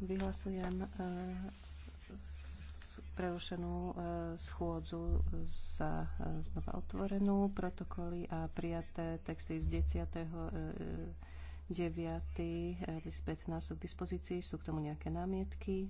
Vyhlasujem e, prerušenú e, schôdzu za e, znova otvorenú. Protokoly a prijaté texty z 10. 9. 15. sú k dispozícii. Sú k tomu nejaké námietky?